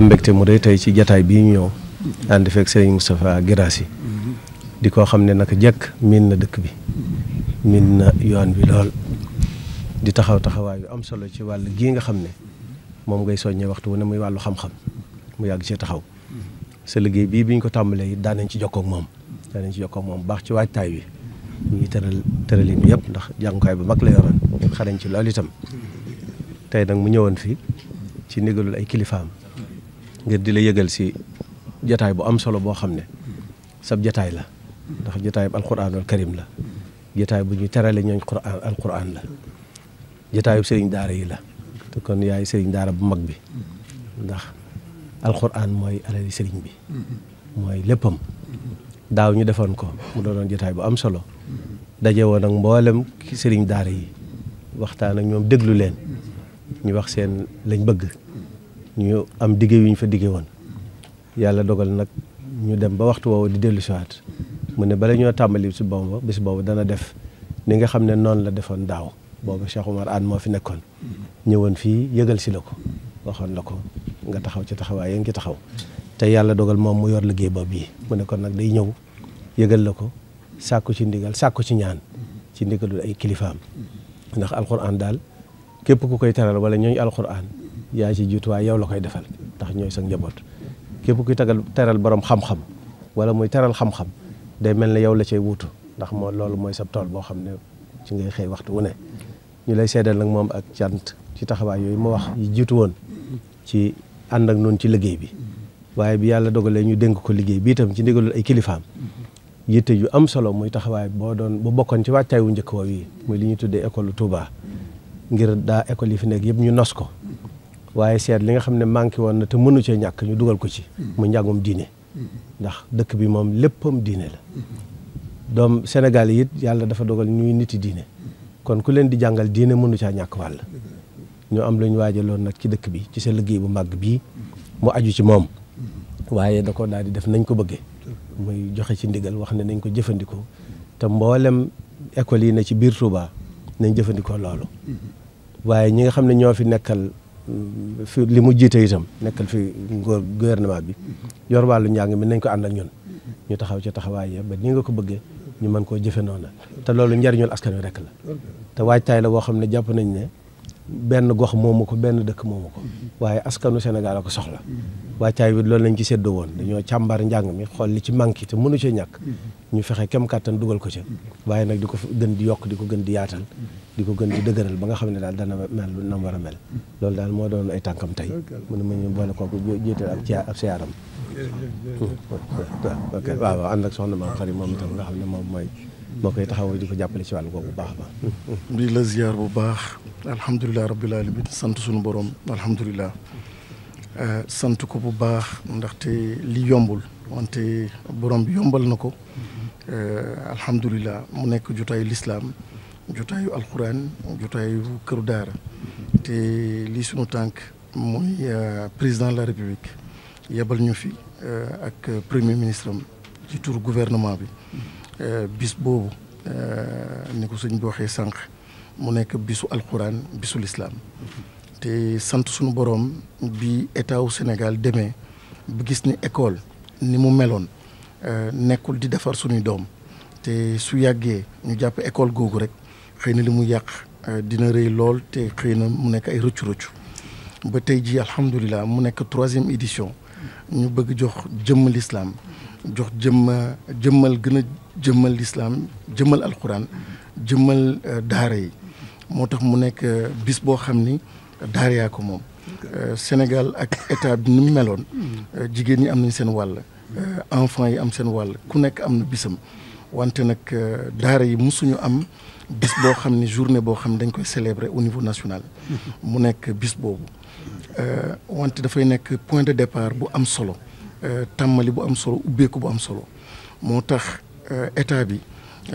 am mbégte mu day tey ci jataay bii ñu ñëw ànd fekk Serigne Moustapha Guirassy di koo xam ne naka jekk miin na dëkk bi miin na yoon bi lool di taxaw taxawaay yu am solo ci wàll gii nga xam ne moom ngay soññee waxtu wu ne muy wàllu xam-xam mu yàgg ci taxaw sa liggéey bii bi ñu ko tàmbalee it daanañ ci jokkoo moom daanañ ci jokkoo ak moom baax ci waajtaay wi ñu ngi tëral tëralin yëpp ndax jàngukaay bu mag lay yoroon xarañ ci lool itam tey nag mu ñëwoon fii ci ndigalul ay kilifaam ngir di la yëgal si jataay bu am solo boo xam ne sab jataay la ndax jataay bu alquranul karim la jataay bu ñu terale ñooñ quran alquran la jataayu sëriñ daara yi la te kon yaay sëriñ daara bu mag bi ndax alquran mooy alali sëriñ bi mooy léppam daaw ñu defoon ko mu doonoon jataay bu am solo daje woon ak mboolem sëriñ daara yi waxtaan ak ñoom déglu leen ñu wax seen lañ bëgg ñu am digge yu ñu fa digge woon yàlla dogal nag ñu dem ba waxtu woowu di dellusiwaat mu ne bala ñoo tàmbali si boobu bis boobu dana def ni nga xam ne noonu la defoon daaw boobu Cheikh Oumar moo fi nekkoon ñëwoon fii yëgal si la ko waxoon la ko nga taxaw ci taxawaay yaa ngi taxaw te yàlla dogal moom mu yor liggéey boobu yi mu nekkoon nag day ñëw yëgal la ko sàkku ci ndigal sàkku ci ñaan ci ndigalul ay kilifaam ndax alxuraan daal képp ku koy teral wala ñooñu alxuraan yaa ci jiitu waaye yow la koy defal ndax ñooy sa njaboot képp kuy tagal teral boroom xam-xam wala muy teral xam-xam day mel ne yow la cay wuutu ndax moo loolu mooy sa tool boo xam ne ci ngay xëy waxtu wu ne ñu lay seedal nag moom ak cant ci taxawaay yooyu ma wax yi jiitu woon ci ànd ak noonu ci liggéey bi waaye bi yàlla dogalee ñu dénk ko liggéey bi itam ci ndigalul ay kilifaam yitte yu am solo muy taxawaay boo doon bu bokkoon ci wàccaay wu njëkk woow yi li ñuy tuddee école Touba ngir daa école yi fi nekk yëpp ñu nos ko waaye seet li nga xam ne manqué woon na te mënu cee ñàkk ñu dugal ko ci mm-hmm. mu njàngum diine mm-hmm. ndax dëkk bi moom léppam diine la mm-hmm. doom Sénégal yi it yàlla dafa dogal ñuy niti diine kon ku leen di jàngal diine mënu caa ñàkk wàll ñoo am lu ñu waajaloon nag ci dëkk bi ci sa liggéey bu màgg bii mu aju ci moom waaye da ko daal di def nañ ko bëggee muy joxe ci ndigal wax ne nañ ko jëfandikoo te mboolem école yi na ci biir Touba nañ jëfandikoo loolu waaye ñi nga xam ne ñoo fi nekkal fi li mu jiite itam nekkal fi ngóor gouvernement bi yor wàllu njàng mi nañ ko ànd ak ñun ñu taxaw ci taxawaay ya ba ni nga ko bëggee ñu mën koo jëfe noonu te loolu njariñul askan wi rek la te waajtaay la boo xam ne jàpp nañ ne benn gox moomu ko benn dëkk moomu ko waaye askanu Sénégal a ko soxla wàccaay bi loolu lañ ci seddoo woon dañoo càmbar njàng mi xool li ci manqué te mënu ci ñàkk ñu fexe kem kàttan dugal ko ca waaye nag di ko gën di yokk di ko gën di yaatal di ko gën di dëgëral ba nga xam ne daal dana mel lu nam war a mel loolu daal moo doon ay tànkam tey mu ne ma ñu boole kooku jiital ak ci ab siyaaram ok waaw waaw ànd ak soxna maam xarit moom itam nga xam ne moom mooy moo koy taxaw di ko jàppale ci wàllu googu bu baax baax di la ziar bu baax alhamdulilah rabbil alamin sant suñu borom alhamdulilah eh, sant ko bu baax ndaxte li yombul wante borom bi yombal na ko eh, alhamdulilah mu nekk jotaayu lislaam jotaayu alquran jotaayu këru daara te lii sunu tànk mooy eh, président de la république yebal ñu fi ak premier ministre am ci tur gouvernement bi bis boobu ni ko sëñ bi waxee sànq mu nekk bisu alxuraan bisu lislaam te sant suñu boroom bi état wu Sénégal demee bu gis ni école ni mu meloon euh, nekkul di defar suñuy doom te su yàggee ñu jàpp école googu rek xëy na li mu yàq euh, dina rëy lool te xëy na mu nekk ay rëccu-rëccu ba tey ji alhamdulilah mu nekk troisième édition ñu bëgg jox jëmm lislaam jox jëmma jëmmal gën a jëmmal lislaam jëmmal alxuraan jëmmal euh, daara yi moo tax mu nekk euh, bis boo xam ni daara yaa ko moom. Euh, Sénégal ak état bi ni mu meloon. Euh, jigéen ñi am nañ seen wàll. enfants yi am seen wàll ku nekk am na bisam wante nag daara yi musuñu am bis boo xam ni journée boo xam dañ koy célébrer au niveau national. mu nekk bis boobu. wante dafay nekk point de départ bu am solo. tàmbali bu am solo ubbeeku bu am solo moo tax état bi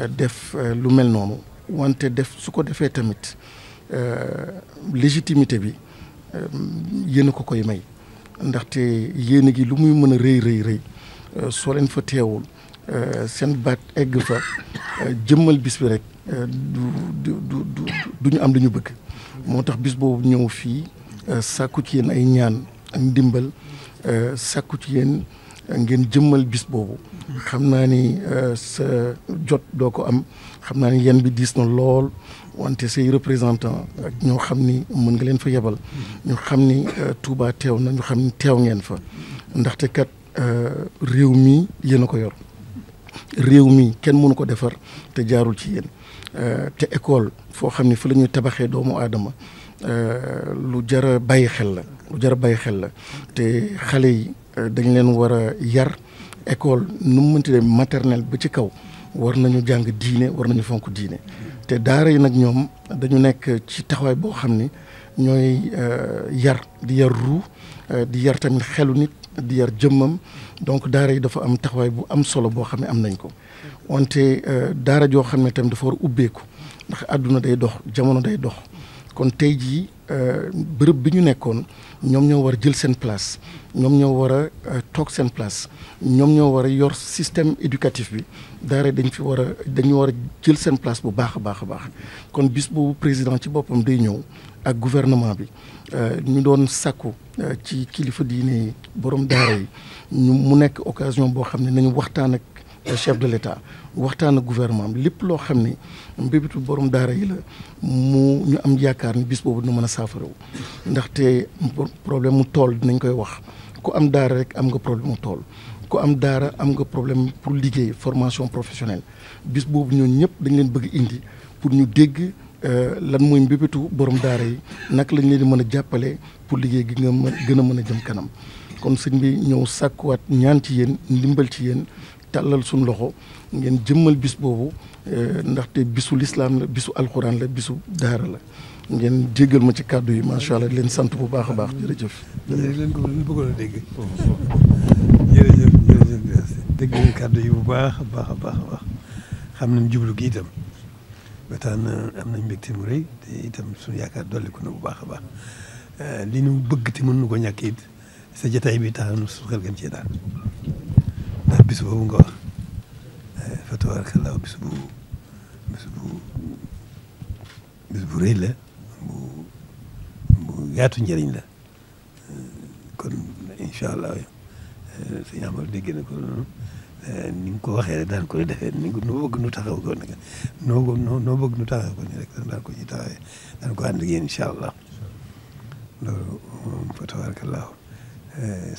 def lu mel noonu. wante def su ko defee tamit euh, légitimité bi euh, yéen ko koy may ndaxte yéen gi lu muy mën a rëy rëy rëy euh, soo leen fa teewul seen baat egg fa jëmmal bis bi rek du du du du ñu am lu ñu bëgg. moo tax bis boobu ñëw fii sàkku ci yéen ay ñaan ak ndimbal sàkku ci yéen ngeen jëmmal bis boobu. xam naa ni euh, sa jot doo ko am xam naa ni yan bi diis na lool wante say représentant ak ñoo xam ni mën nga leen fa yebal mm-hmm. ñu xam ni euh, tuubaa teew nañu xam ni teew ngeen fa ndaxte kat euh, réew mi yéen a ko yor réew mi kenn mënu ko defar te jaarul ci yéen te école foo xam ni fa la ñuy tabaxee doomu aadama lu jar a bàyyi xel la lu jar a bàyyi xel la te xale yi dañ leen war a yar école nu mu mënti dem maternelle ba ci kaw war nañu jàng diine war nañu fonk diine te daara yi nag ñoom dañu nekk ci taxawaay boo xam ni ñooy euh, yar di yar ruu euh, di yar tamit xelu nit di yar jëmmam donc daara yi dafa am taxawaay bu am solo boo xam ne am nañ ko wante euh, daara joo xam ne tamit dafa war ubbeeku ndax àdduna day dox jamono day dox kon tey jii Euh, bërëb bi ñu nekkoon ñoom ñoo war a jël seen place ñoom ñoo war a euh, toog seen place ñoom ñoo war a yor système éducatif bi daara dañ fi war a dañu war a jël seen place bu baax a baax a baax kon bis boobu président ci boppam day ñëw ak gouvernement bi euh, ñu doon sàkku ci kilifa diine yi borom daara yi ñu mu nekk occasion boo xam ne nañu waxtaan ak. Euh, chef de l'État waxtaan ak gouvernement am lépp loo xam ni mbébétu borom daara yi la mu ñu am yaakaar ni bis boobu dina mën a saafarawu ndaxte problème mu tool dinañ koy wax ku am daara rek am nga problème mu tool ku am daara am nga problème pour liggéey formation professionnelle bis boobu ñooñu ñëpp dañu leen bëgg indi pour ñu dégg euh, lan mooy mbébétu borom daara yi naka lañ leen di mën a jàppale pour liggéey gi nga mën gën a mën a jëm kanam kon sëñ bi ñëw sàkkuwaat ñaan ci yéen ndimbal ci yéen tàllal suñu loxo ngeen jëmmal bis boobu eh, ndaxte bisu lislaam la bisu alxuraan la bisu daara la ngeen jéggal ma ci kàddu yi macha allah leen sant bu baax a baax jërëjëf. jërëjëf leen ko bëggoon a dégg. jërëjëf jërëjëf dégg ngeen kàddu yi bu baax a baax a baax a baax xam nañ jublu gi itam ba tax na am nañ mbégte mu rëy te itam suñu yaakaar dolli ko na bu baax a baax eh, li ñu bëgg te mën nu ko ñàkk it sa jotaay bi tax na su xel gën cee daal. ndax bis boobu nga wax eh, fa tabarakallah bis bu bis bu bis bu rëy la bu bu yaatu njëriñ la eh, kon incha allah eh, sëñ Amadou dégg na ko noonu ni nga ko waxee rek daan koy defee ni noo bëgg nu taxaw ko nag noo noo noo bëgg nu taxaw ko ni rek daan ko ci taxawee daan ko ànd ak yéen incha allah loolu moom fa tabarakallah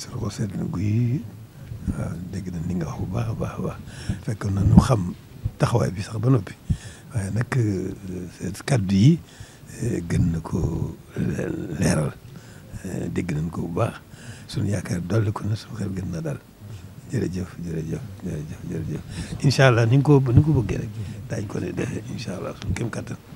su ko seetlu guy waaw dégg na ni nga wax bu baax a baax a baax fekk na ñu xam taxawaay bi sax ba noppi waaye nag euh, kàddu yi euh, gën na ko leeral euh, dégg nañ ko bu baax suñu yaakaar dolli ko na suñu xel gën na dal jërëjëf jërëjëf jërëjëf jërëjëf incha allah ni nga ko ni nga ko bëggee rek daañu ko ne defee incha allah suñu kéem